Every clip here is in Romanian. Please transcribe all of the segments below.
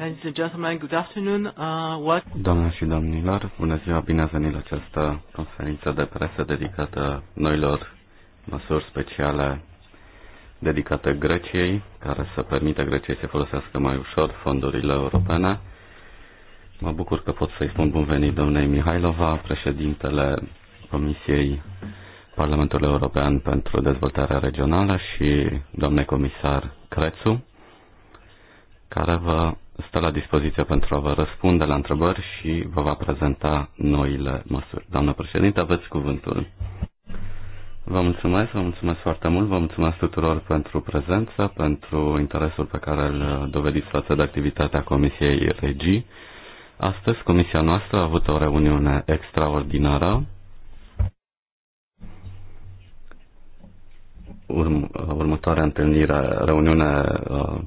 Uh, Doamne și domnilor, bună ziua, bine ați venit la această conferință de presă dedicată noilor măsuri speciale dedicate Greciei, care să permită Greciei să folosească mai ușor fondurile europene. Mă bucur că pot să-i spun bun venit domnei Mihailova, președintele Comisiei Parlamentului European pentru Dezvoltarea Regională și domnul comisar Crețu, care vă stă la dispoziție pentru a vă răspunde la întrebări și vă va prezenta noile măsuri. Doamnă președinte, aveți cuvântul. Vă mulțumesc, vă mulțumesc foarte mult, vă mulțumesc tuturor pentru prezență, pentru interesul pe care îl dovediți față de activitatea Comisiei Regii. Astăzi, Comisia noastră a avut o reuniune extraordinară urm- următoarea întâlnire, reuniune uh,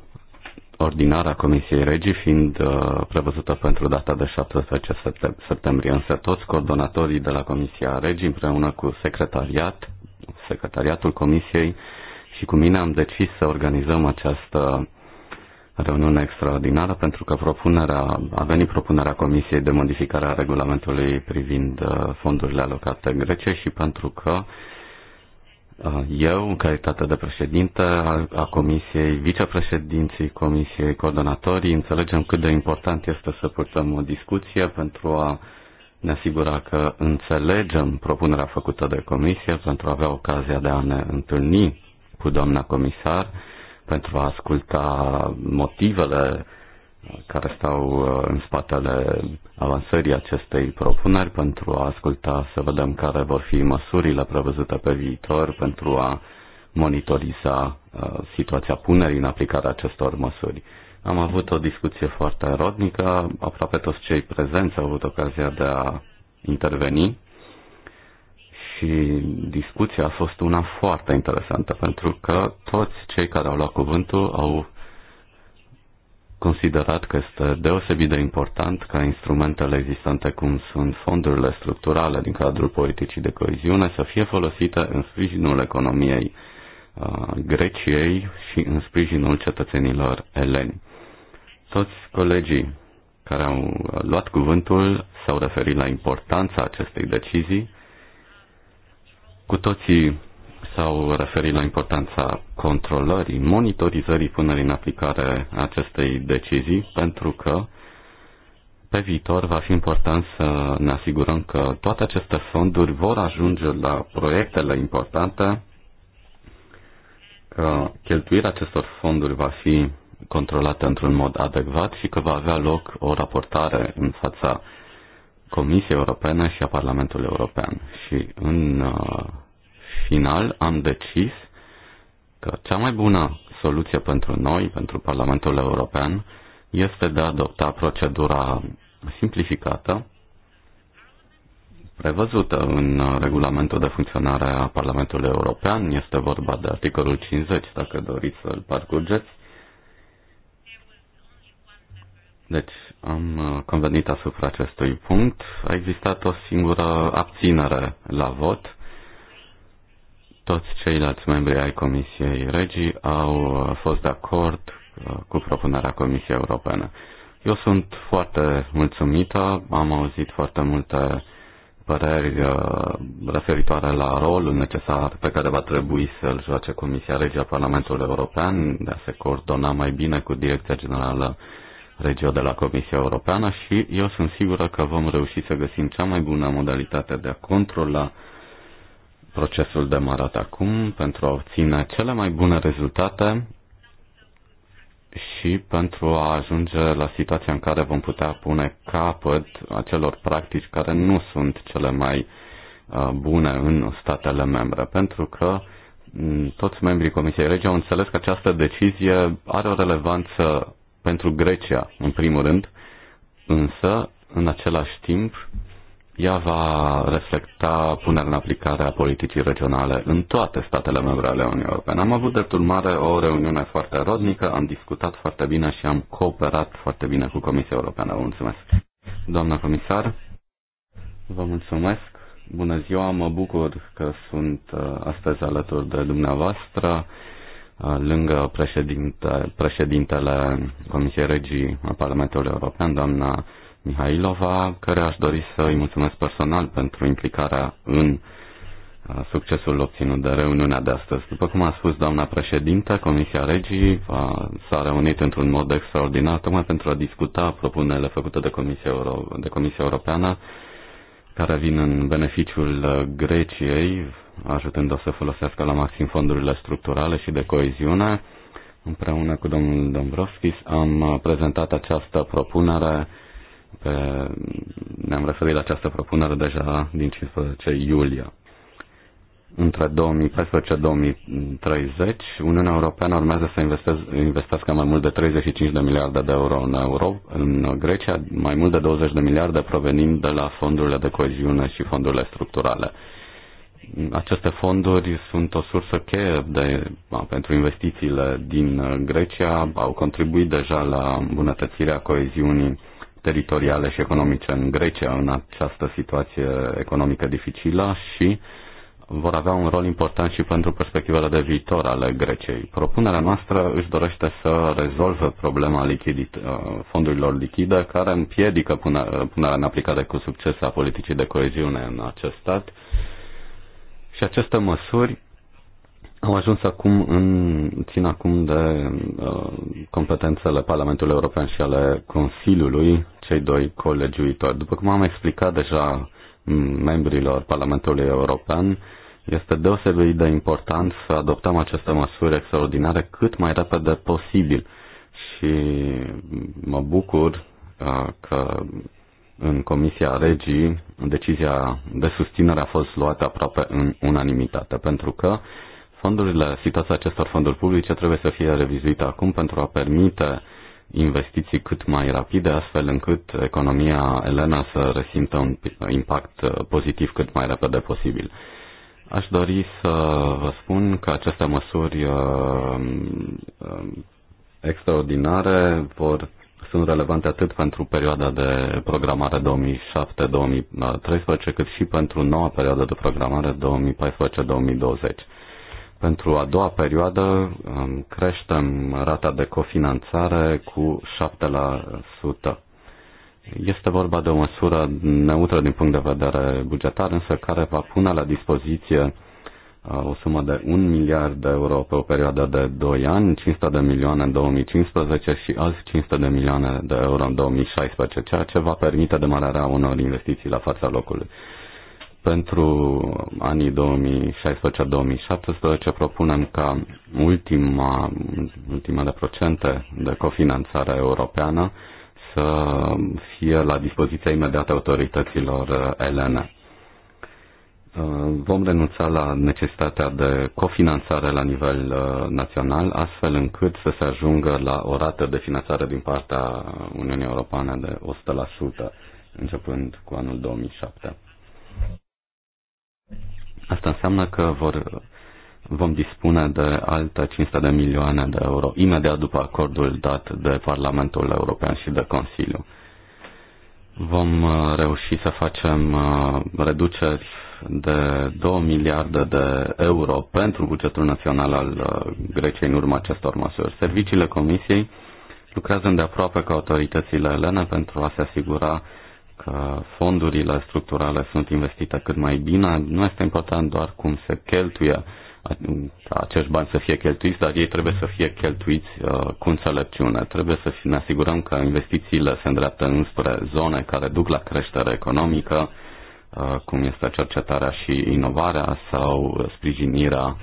ordinară a Comisiei Regii fiind uh, prevăzută pentru data de 17 septembrie, însă toți coordonatorii de la Comisia Regii împreună cu secretariat, secretariatul Comisiei și cu mine am decis să organizăm această reuniune extraordinară pentru că propunerea, a venit propunerea Comisiei de modificare a regulamentului privind uh, fondurile alocate Grecia și pentru că uh, Uh, eu, în calitate de președinte a Comisiei, vicepreședinții Comisiei, coordonatorii, înțelegem cât de important este să purtăm o discuție pentru a ne asigura că înțelegem propunerea făcută de Comisie, pentru a avea ocazia de a ne întâlni cu doamna comisar, pentru a asculta motivele care stau uh, în spatele avansării acestei propuneri pentru a asculta să vedem care vor fi măsurile prevăzute pe viitor pentru a monitoriza uh, situația punerii în aplicarea acestor măsuri. Am avut o discuție foarte rodnică, aproape toți cei prezenți au avut ocazia de a interveni și discuția a fost una foarte interesantă pentru că toți cei care au luat cuvântul au considerat că este deosebit de important ca instrumentele existente, cum sunt fondurile structurale din cadrul politicii de coeziune, să fie folosite în sprijinul economiei uh, Greciei și în sprijinul cetățenilor eleni. Toți colegii care au luat cuvântul s-au referit la importanța acestei decizii. Cu toții s-au referit la importanța controlării, monitorizării punerii în aplicare acestei decizii, pentru că pe viitor va fi important să ne asigurăm că toate aceste fonduri vor ajunge la proiectele importante, că cheltuirea acestor fonduri va fi controlată într-un mod adecvat și că va avea loc o raportare în fața Comisiei Europene și a Parlamentului European. Și în uh, final am decis că cea mai bună soluție pentru noi, pentru Parlamentul European, este de a adopta procedura simplificată prevăzută în regulamentul de funcționare a Parlamentului European. Este vorba de articolul 50, dacă doriți să-l parcurgeți. Deci, am convenit asupra acestui punct. A existat o singură abținere la vot toți ceilalți membri ai Comisiei Regii au uh, fost de acord uh, cu propunerea Comisiei Europene. Eu sunt foarte mulțumită, am auzit foarte multe păreri uh, referitoare la rolul necesar pe care va trebui să-l joace Comisia Regia Parlamentului European, de a se coordona mai bine cu Direcția Generală Regio de la Comisia Europeană și eu sunt sigură că vom reuși să găsim cea mai bună modalitate de a controla procesul demarat acum pentru a obține cele mai bune rezultate și pentru a ajunge la situația în care vom putea pune capăt acelor practici care nu sunt cele mai uh, bune în statele membre, pentru că mm, toți membrii Comisiei Regi au înțeles că această decizie are o relevanță pentru Grecia, în primul rând, însă, în același timp, ea va reflecta punerea în aplicare a politicii regionale în toate statele membre ale Uniunii Europene. Am avut, de urmare, o reuniune foarte rodnică, am discutat foarte bine și am cooperat foarte bine cu Comisia Europeană. Vă mulțumesc. Doamna comisar, vă mulțumesc. Bună ziua, mă bucur că sunt uh, astăzi alături de dumneavoastră uh, lângă președinte, președintele Comisiei Regii a Parlamentului European, doamna Mihailova, care aș dori să îi mulțumesc personal pentru implicarea în uh, succesul obținut de reuniunea de astăzi. După cum a spus doamna președintă, Comisia Regii uh, s-a reunit într-un mod extraordinar tocmai pentru a discuta propunerile făcute de Comisia, Euro- de Comisia Europeană care vin în beneficiul uh, Greciei, ajutând-o să folosească la maxim fondurile structurale și de coeziune. Împreună cu domnul Dombrovskis am prezentat această propunere pe, ne-am referit la această propunere deja din 15 iulie. Între 2014-2030, Uniunea Europeană urmează să investească mai mult de 35 de miliarde de euro în, euro, în Grecia, mai mult de 20 de miliarde provenind de la fondurile de coeziune și fondurile structurale aceste fonduri sunt o sursă cheie de, pentru investițiile din Grecia, au contribuit deja la îmbunătățirea coeziunii teritoriale și economice în Grecia în această situație economică dificilă și vor avea un rol important și pentru perspectivele de viitor ale Greciei. Propunerea noastră își dorește să rezolve problema lichidit- uh, fondurilor lichide care împiedică uh, punerea în aplicare cu succes a politicii de coeziune în acest stat și aceste măsuri am ajuns acum în, țin acum de uh, competențele Parlamentului European și ale Consiliului, cei doi colegiuitori. După cum am explicat deja membrilor Parlamentului European, este deosebit de important să adoptăm aceste măsuri extraordinare cât mai repede posibil. Și mă bucur uh, că în Comisia Regii decizia de susținere a fost luată aproape în unanimitate, pentru că uh, Fondurile, situația acestor fonduri publice trebuie să fie revizuită acum pentru a permite investiții cât mai rapide, astfel încât economia Elena să resimtă un impact pozitiv cât mai repede posibil. Aș dori să vă spun că aceste măsuri uh, um, extraordinare vor sunt relevante atât pentru perioada de programare 2007-2013, cât și pentru noua perioadă de programare 2014-2020. Pentru a doua perioadă um, creștem rata de cofinanțare cu 7%. Este vorba de o măsură neutră din punct de vedere bugetar, însă care va pune la dispoziție uh, o sumă de 1 miliard de euro pe o perioadă de 2 ani, 500 de milioane în 2015 și alți 500 de milioane de euro în 2016, ceea ce va permite demararea unor investiții la fața locului. Pentru anii 2016-2017 propunem ca ultima, ultimele procente de cofinanțare europeană să fie la dispoziția imediată autorităților elene. Vom renunța la necesitatea de cofinanțare la nivel uh, național, astfel încât să se ajungă la o rată de finanțare din partea Uniunii Europene de 100%, începând cu anul 2007. Asta înseamnă că vor, vom dispune de alte 500 de milioane de euro imediat după acordul dat de Parlamentul European și de Consiliu. Vom uh, reuși să facem uh, reduceri de 2 miliarde de euro pentru bugetul național al uh, Greciei în urma acestor măsuri. Serviciile Comisiei lucrează îndeaproape cu autoritățile elene pentru a se asigura că fondurile structurale sunt investite cât mai bine, nu este important doar cum se cheltuie, acești bani să fie cheltuiți, dar ei trebuie să fie cheltuiți uh, cu înțelepciune. Trebuie să ne asigurăm că investițiile se îndreaptă înspre zone care duc la creștere economică, uh, cum este cercetarea și inovarea sau sprijinirea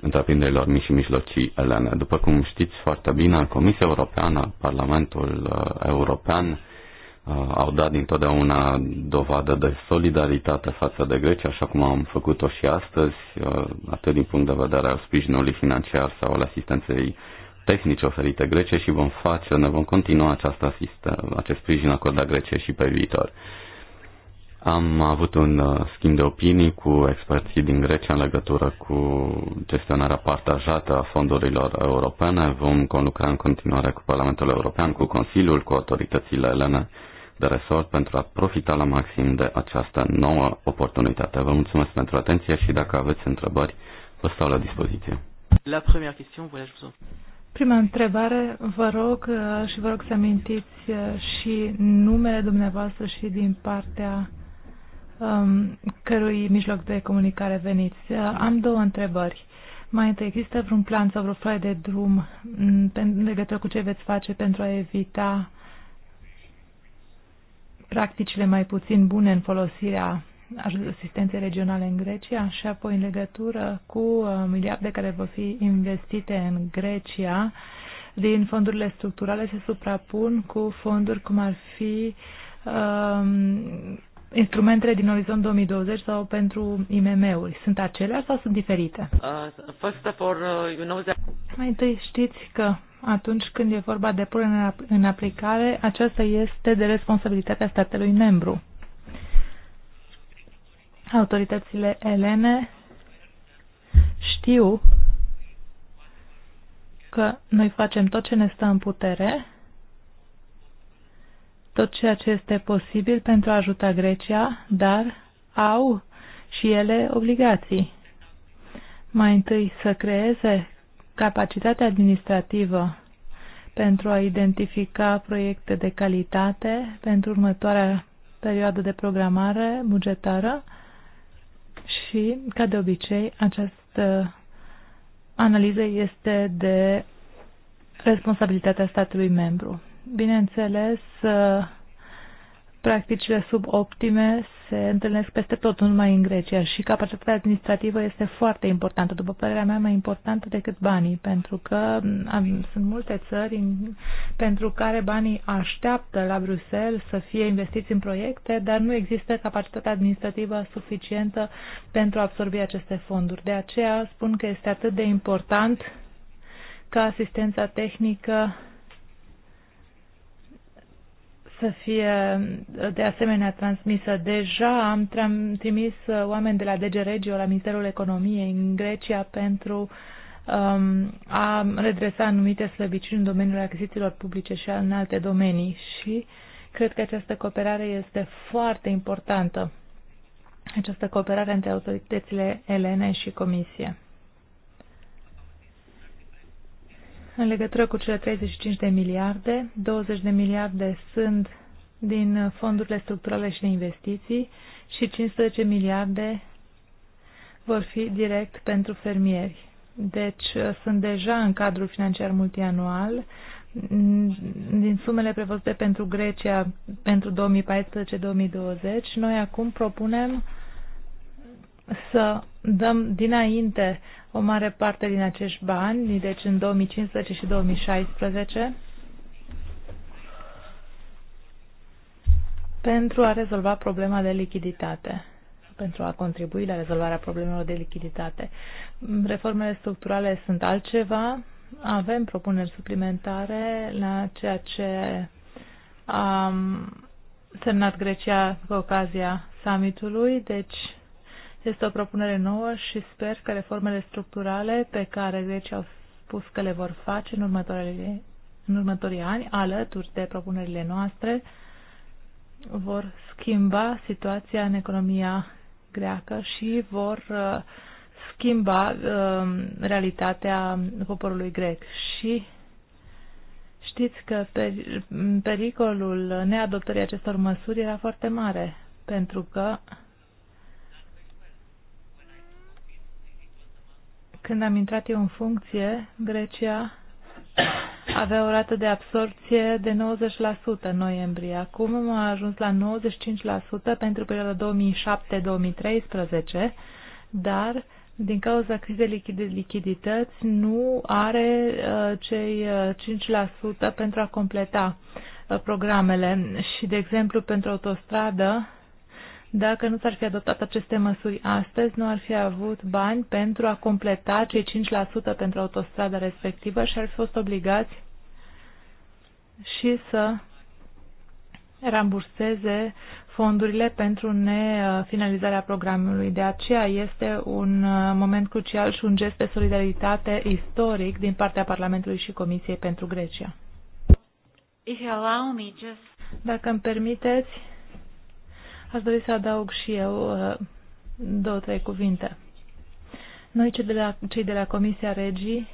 întreprinderilor mici și mijlocii elene. După cum știți foarte bine, Comisia Europeană, Parlamentul uh, European Uh, au dat dintotdeauna dovadă de solidaritate față de Grecia, așa cum am făcut-o și astăzi, uh, atât din punct de vedere al sprijinului financiar sau al asistenței tehnice oferite Greciei și vom face, ne vom continua această asistă, acest sprijin acordat Greciei și pe viitor. Am avut un uh, schimb de opinii cu experții din Grecia în legătură cu gestionarea partajată a fondurilor europene. Vom conlucra în continuare cu Parlamentul European, cu Consiliul, cu autoritățile elene de resort pentru a profita la maxim de această nouă oportunitate. Vă mulțumesc pentru atenție și dacă aveți întrebări, vă stau la dispoziție. La première question, voilà, je vous en... Prima întrebare, vă rog uh, și vă rog să amintiți uh, și numele dumneavoastră și din partea um, cărui mijloc de comunicare veniți. Uh, am două întrebări. Mai întâi, există vreun plan sau vreo foaie de drum mm, în legătură cu ce veți face pentru a evita practicile mai puțin bune în folosirea asistenței regionale în Grecia și apoi în legătură cu uh, miliarde care vor fi investite în Grecia din fondurile structurale se suprapun cu fonduri cum ar fi um, instrumentele din Orizont 2020 sau pentru IMM-uri. Sunt acelea sau sunt diferite? Uh, first of all, uh, you know that... Mai întâi știți că atunci când e vorba de punere în aplicare, aceasta este de responsabilitatea statului membru. Autoritățile elene știu că noi facem tot ce ne stă în putere, tot ceea ce este posibil pentru a ajuta Grecia, dar au și ele obligații. Mai întâi să creeze capacitatea administrativă pentru a identifica proiecte de calitate pentru următoarea perioadă de programare bugetară și, ca de obicei, această analiză este de responsabilitatea statului membru. Bineînțeles, practicile suboptime se întâlnesc peste tot, nu numai în Grecia, și capacitatea administrativă este foarte importantă, după părerea mea, mai importantă decât banii, pentru că am, sunt multe țări în, pentru care banii așteaptă la Bruxelles să fie investiți în proiecte, dar nu există capacitatea administrativă suficientă pentru a absorbi aceste fonduri. De aceea spun că este atât de important ca asistența tehnică să fie de asemenea transmisă. Deja am trimis uh, oameni de la DG Regio, la Ministerul Economiei în Grecia pentru um, a redresa anumite slăbiciuni în domeniul achizițiilor publice și în alte domenii și cred că această cooperare este foarte importantă, această cooperare între autoritățile elene și Comisie. În legătură cu cele 35 de miliarde, 20 de miliarde sunt din fondurile structurale și de investiții și 15 miliarde vor fi direct pentru fermieri. Deci uh, sunt deja în cadrul financiar multianual. Mm, din sumele prevăzute pentru Grecia pentru 2014-2020, noi acum propunem să dăm dinainte o mare parte din acești bani, deci în 2015 și 2016, pentru a rezolva problema de lichiditate, pentru a contribui la rezolvarea problemelor de lichiditate. Reformele structurale sunt altceva, avem propuneri suplimentare la ceea ce am semnat Grecia cu ocazia summitului, deci este o propunere nouă și sper că reformele structurale pe care grecii au spus că le vor face în, următoarele, în următorii ani, alături de propunerile noastre, vor schimba situația în economia greacă și vor uh, schimba um, realitatea poporului grec. Și știți că pericolul neadoptării acestor măsuri era foarte mare, pentru că Când am intrat eu în funcție, Grecia avea o rată de absorpție de 90% în noiembrie. Acum am ajuns la 95% pentru perioada 2007-2013, dar din cauza crizei de lichidități nu are uh, cei 5% uh, pentru a completa uh, programele și, de exemplu, pentru autostradă dacă nu s-ar fi adoptat aceste măsuri astăzi, nu ar fi avut bani pentru a completa cei 5% pentru autostrada respectivă și ar fi fost obligați și să ramburseze fondurile pentru nefinalizarea programului. De aceea este un moment crucial și un gest de solidaritate istoric din partea Parlamentului și Comisiei pentru Grecia. Dacă îmi permiteți, Aș dori să adaug și eu uh, două, trei cuvinte. Noi, cei de la, cei de la Comisia Regii,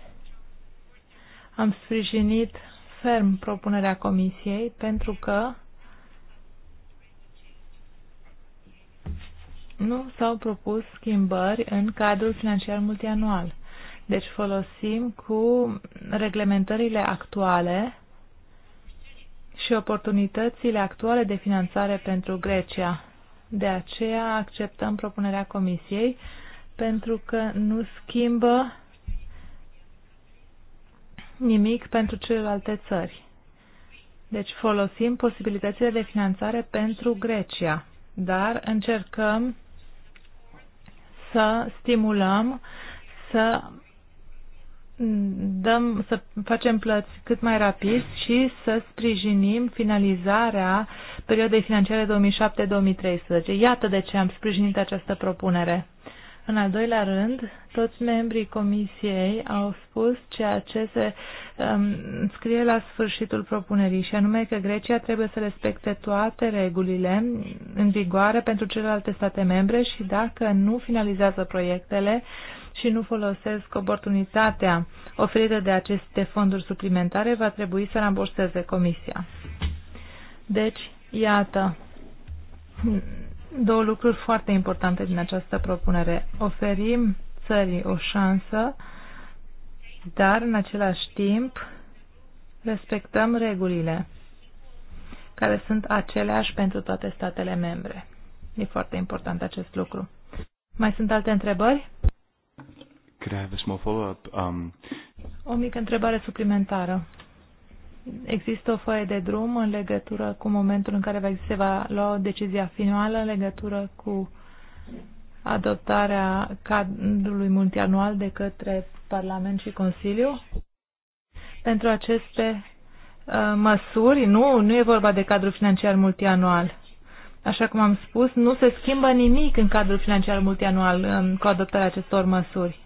am sprijinit ferm propunerea Comisiei pentru că nu s-au propus schimbări în cadrul financiar multianual. Deci folosim cu reglementările actuale și oportunitățile actuale de finanțare pentru Grecia. De aceea acceptăm propunerea Comisiei pentru că nu schimbă nimic pentru celelalte țări. Deci folosim posibilitățile de finanțare pentru Grecia, dar încercăm să stimulăm să dăm, să facem plăți cât mai rapid și să sprijinim finalizarea perioadei financiare 2007-2013. Iată de ce am sprijinit această propunere. În al doilea rând, toți membrii comisiei au spus ceea ce se um, scrie la sfârșitul propunerii, și anume că Grecia trebuie să respecte toate regulile în vigoare pentru celelalte state membre și dacă nu finalizează proiectele, uh, și nu folosesc oportunitatea oferită de aceste fonduri suplimentare, va trebui să ramburseze comisia. Deci, iată, două lucruri foarte importante din această propunere. Oferim țării o șansă, dar în același timp respectăm regulile care sunt aceleași pentru toate statele membre. E foarte important acest lucru. Mai sunt alte întrebări? Could I have a small follow-up? Um... O mică întrebare suplimentară. Există o foaie de drum în legătură cu momentul în care se va lua decizia finală în legătură cu adoptarea cadrului multianual de către Parlament și Consiliu? Pentru aceste uh, măsuri, nu, nu e vorba de cadrul financiar multianual. Așa cum am spus, nu se schimbă nimic în cadrul financiar multianual um, cu adoptarea acestor măsuri.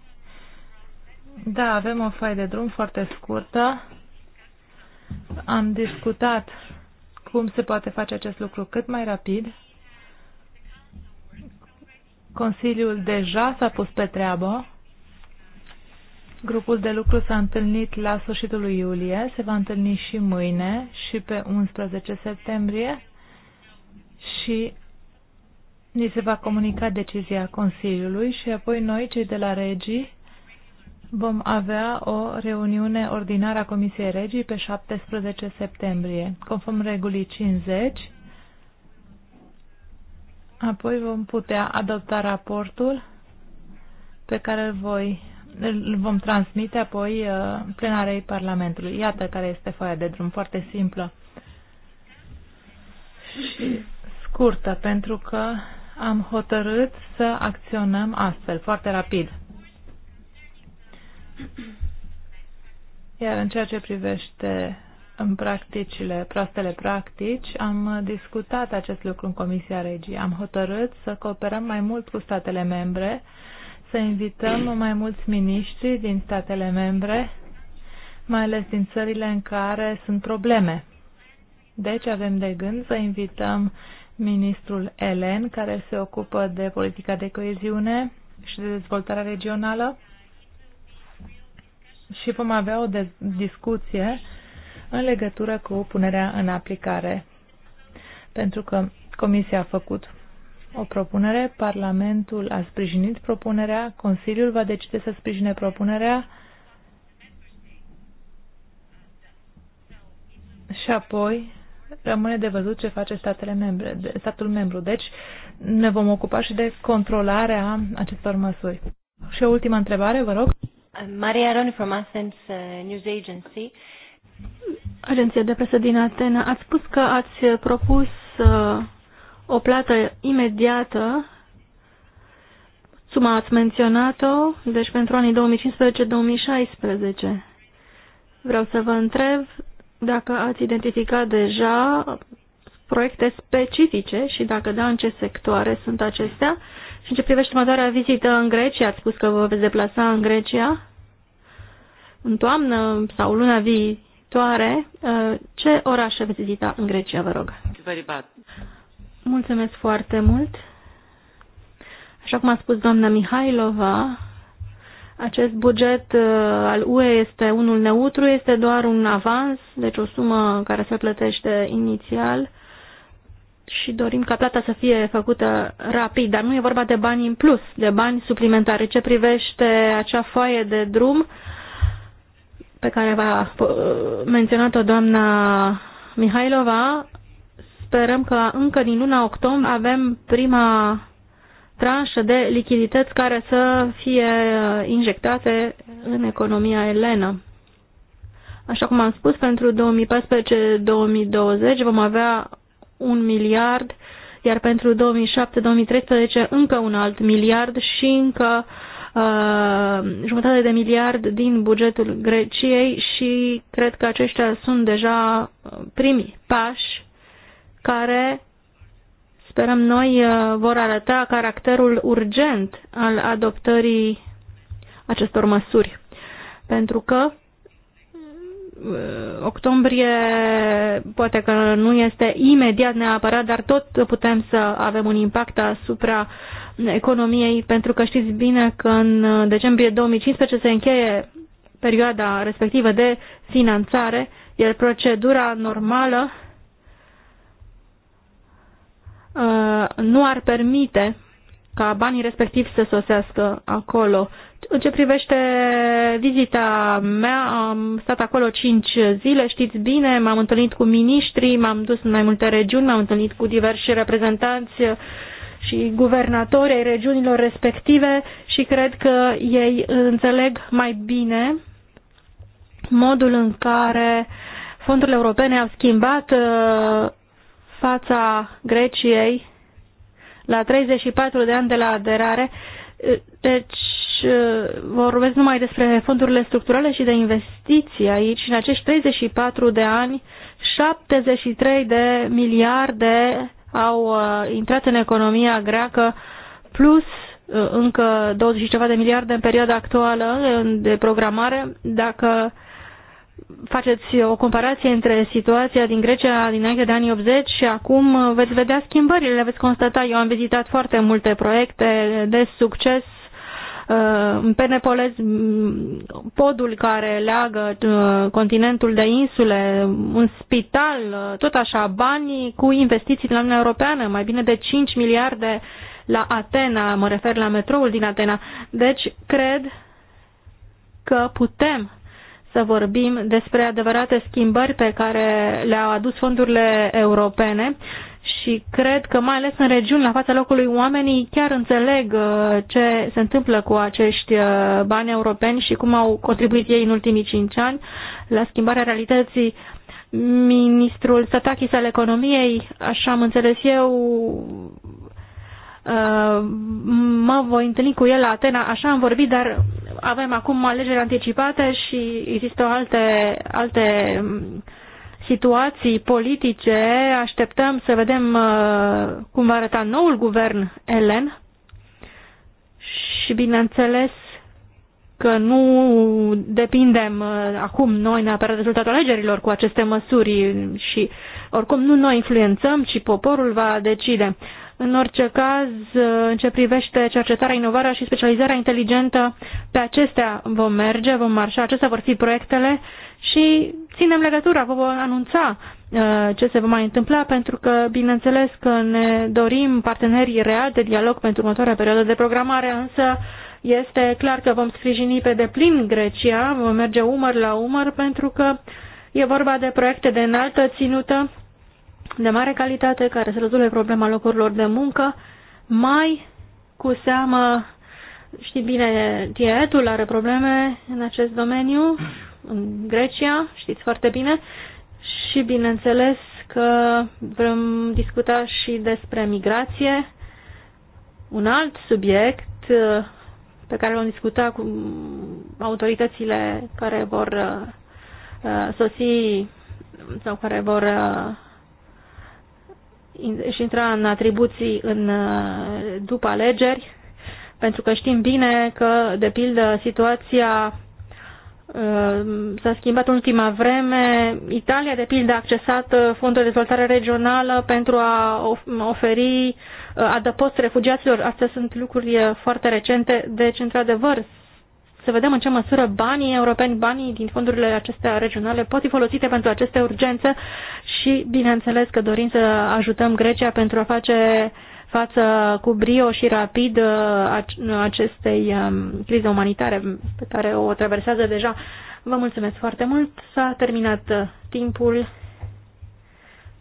Da, avem o foaie de drum foarte scurtă. Am discutat cum se poate face acest lucru cât mai rapid. Consiliul deja s-a pus pe treabă. Grupul de lucru s-a întâlnit la sfârșitul lui iulie, se va întâlni și mâine și pe 11 septembrie și ni se va comunica decizia Consiliului și apoi noi, cei de la regii, Vom avea o reuniune ordinară a Comisiei Regii pe 17 septembrie, conform regulii 50. Apoi vom putea adopta raportul pe care îl, voi, îl vom transmite apoi uh, plenarei Parlamentului. Iată care este foaia de drum, foarte simplă și scurtă, pentru că am hotărât să acționăm astfel, foarte rapid. Iar în ceea ce privește în practicile, proastele practici, am discutat acest lucru în Comisia Regii. Am hotărât să cooperăm mai mult cu statele membre, să invităm mai mulți miniștri din statele membre, mai ales din țările în care sunt probleme. Deci avem de gând să invităm ministrul Elen, care se ocupă de politica de coeziune și de dezvoltare regională, și vom avea o discuție în legătură cu punerea în aplicare. Pentru că Comisia a făcut o propunere, Parlamentul a sprijinit propunerea, Consiliul va decide să sprijine propunerea și apoi rămâne de văzut ce face statele membre, statul membru. Deci ne vom ocupa și de controlarea acestor măsuri. Și o ultimă întrebare, vă rog. Maria Aroni from Athens uh, News Agency. Agenția de presă din Atena, ați spus că ați propus uh, o plată imediată, suma ați menționat-o, deci pentru anii 2015-2016. Vreau să vă întreb dacă ați identificat deja proiecte specifice și dacă da, în ce sectoare sunt acestea. Și în ce privește următoarea vizită în Grecia, ați spus că vă veți deplasa în Grecia în toamnă sau luna viitoare, uh, ce orașe veți vizita în Grecia, vă rog? Mulțumesc foarte mult. Așa cum a spus doamna Mihailova, acest buget uh, al UE este unul neutru, este doar un avans, deci o sumă care se plătește inițial și dorim ca plata să fie făcută rapid, dar nu e vorba de bani în plus, de bani suplimentare. Ce privește acea foaie de drum, uh, pe care v-a uh, menționat-o doamna Mihailova, sperăm că încă din luna octombrie avem prima tranșă de lichidități care să fie uh, injectate în economia elenă. Așa cum am spus, pentru 2014-2020 vom avea un miliard, iar pentru 2007-2013 încă un alt miliard și încă uh, Uh, jumătate de miliard din bugetul Greciei și cred că aceștia sunt deja uh, primii pași care, sperăm noi, uh, vor arăta caracterul urgent al adoptării acestor măsuri. Pentru că octombrie poate că nu este imediat neapărat, dar tot putem să avem un impact asupra economiei, pentru că știți bine că în uh, decembrie 2015 se încheie perioada respectivă de finanțare, iar procedura normală uh, nu ar permite ca banii respectivi să sosească acolo. În ce privește vizita mea, am stat acolo 5 zile, știți bine, m-am întâlnit cu miniștri, m-am dus în mai multe regiuni, m-am întâlnit cu diversi reprezentanți și guvernatori ai regiunilor respective și cred că ei înțeleg mai bine modul în care fondurile europene au schimbat uh, fața Greciei la 34 de ani de la aderare. Uh, deci uh, vorbesc numai despre fondurile structurale și de investiții aici. În acești 34 de ani, 73 de miliarde au uh, intrat în economia greacă, plus uh, încă 20 și ceva de miliarde în perioada actuală uh, de programare. Dacă faceți o comparație între situația din Grecia dinainte de anii 80 și acum veți vedea schimbările, le veți constata. Eu am vizitat foarte multe proiecte de succes Uh, Penepolez, podul care leagă uh, continentul de insule, un spital, uh, tot așa, banii cu investiții la Uniunea Europeană, mai bine de 5 miliarde la Atena, mă refer la metroul din Atena. Deci, cred că putem să vorbim despre adevărate schimbări pe care le-au adus fondurile europene și cred că mai ales în regiuni, la fața locului, oamenii chiar înțeleg uh, ce se întâmplă cu acești uh, bani europeni și cum au contribuit ei în ultimii cinci ani la schimbarea realității. Ministrul Satakis al economiei, așa am înțeles eu, uh, mă voi întâlni cu el la Atena, așa am vorbit, dar avem acum alegeri anticipate și există alte, alte situații politice. Așteptăm să vedem uh, cum va arăta noul guvern elen și, bineînțeles, că nu depindem uh, acum noi neapărat rezultatul alegerilor cu aceste măsuri și oricum nu noi influențăm, ci poporul va decide. În orice caz, în ce privește cercetarea, inovarea și specializarea inteligentă, pe acestea vom merge, vom marșa, acestea vor fi proiectele și ținem legătura, vă vom anunța uh, ce se va mai întâmpla, pentru că, bineînțeles, că ne dorim partenerii reali de dialog pentru următoarea perioadă de programare, însă este clar că vom sprijini pe deplin Grecia, vom merge umăr la umăr, pentru că e vorba de proiecte de înaltă ținută de mare calitate care să rezolve problema locurilor de muncă, mai cu seamă, știi bine, tietul are probleme în acest domeniu, în Grecia, știți foarte bine, și bineînțeles că vrem discuta și despre migrație, un alt subiect uh, pe care vom discuta cu autoritățile care vor uh, uh, sosi sau care vor și intra în atribuții în, uh, după alegeri, pentru că știm bine că, de pildă, situația uh, s-a schimbat în ultima vreme. Italia, de pildă, a accesat uh, fondul de dezvoltare regională pentru a oferi adăpost refugiaților. Astea sunt lucruri foarte recente, deci, într-adevăr, să vedem în ce măsură banii europeni, banii din fondurile acestea regionale pot fi folosite pentru aceste urgențe și, bineînțeles, că dorim să ajutăm Grecia pentru a face față cu brio și rapid uh, acestei um, crize umanitare pe care o traversează deja. Vă mulțumesc foarte mult. S-a terminat uh, timpul